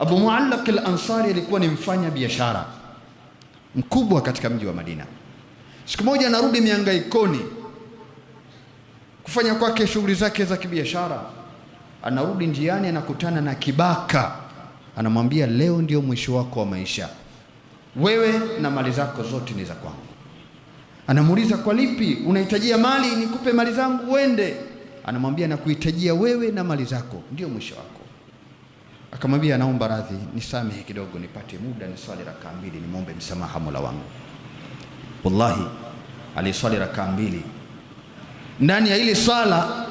Abu Muallaq al-Ansari alikuwa ni mfanya biashara mkubwa katika mji wa Madina. Siku moja anarudi miangaikoni kufanya kwake shughuli zake za kibiashara, anarudi njiani, anakutana na kibaka, anamwambia leo ndio mwisho wako wa maisha, wewe na mali zako zote ni za kwangu. Anamuuliza kwa lipi? Unahitajia mali? Nikupe mali zangu uende? Anamwambia nakuhitajia wewe na mali zako, ndio mwisho wako akamwambia, naomba radhi, nisamehe kidogo, nipate muda niswali rakaa mbili, nimwombe msamaha Mola wangu. Wallahi, aliswali rakaa mbili. Ndani ya ile swala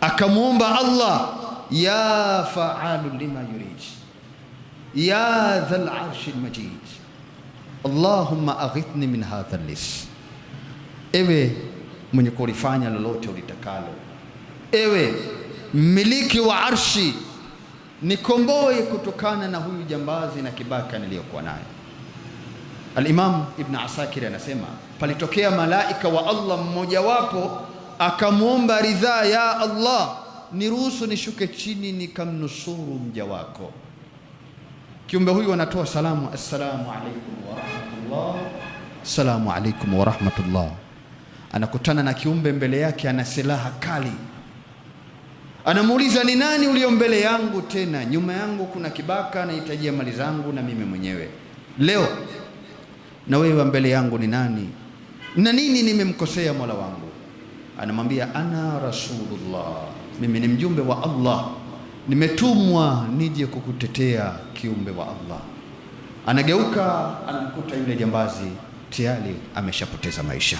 akamwomba Allah, ya faalu lima yurid, ya dhal arshi lmajid, allahumma aghithni min hadha lis, ewe mwenye kulifanya lolote ulitakalo, ewe mmiliki wa arshi nikomboe kutokana na huyu jambazi na kibaka niliyokuwa nayo. Alimamu Ibn Asakir anasema palitokea malaika wa Allah mmojawapo akamwomba ridhaa, ya Allah, niruhusu nishuke chini nikamnusuru mja wako. Kiumbe huyu anatoa salamu, assalamu alaikum wa rahmatullah, assalamu alaikum wa rahmatullah. Anakutana na kiumbe mbele yake ana silaha kali Anamuuliza, ni nani ulio mbele yangu? Tena nyuma yangu kuna kibaka anahitajia mali zangu na mimi mwenyewe. Leo na wewe mbele yangu ni nani na nini nimemkosea mola wangu? Anamwambia, ana rasulullah, mimi ni mjumbe wa Allah, nimetumwa nije kukutetea kiumbe wa Allah. Anageuka anamkuta yule jambazi tayari ameshapoteza maisha.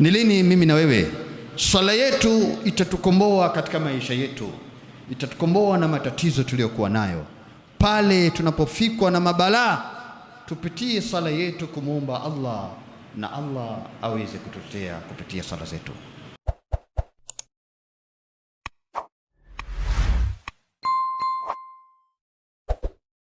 Ni lini mimi na wewe Swala yetu itatukomboa katika maisha yetu, itatukomboa na matatizo tuliyokuwa nayo. Pale tunapofikwa na mabalaa, tupitie sala yetu kumwomba Allah na Allah aweze kututetea kupitia sala zetu.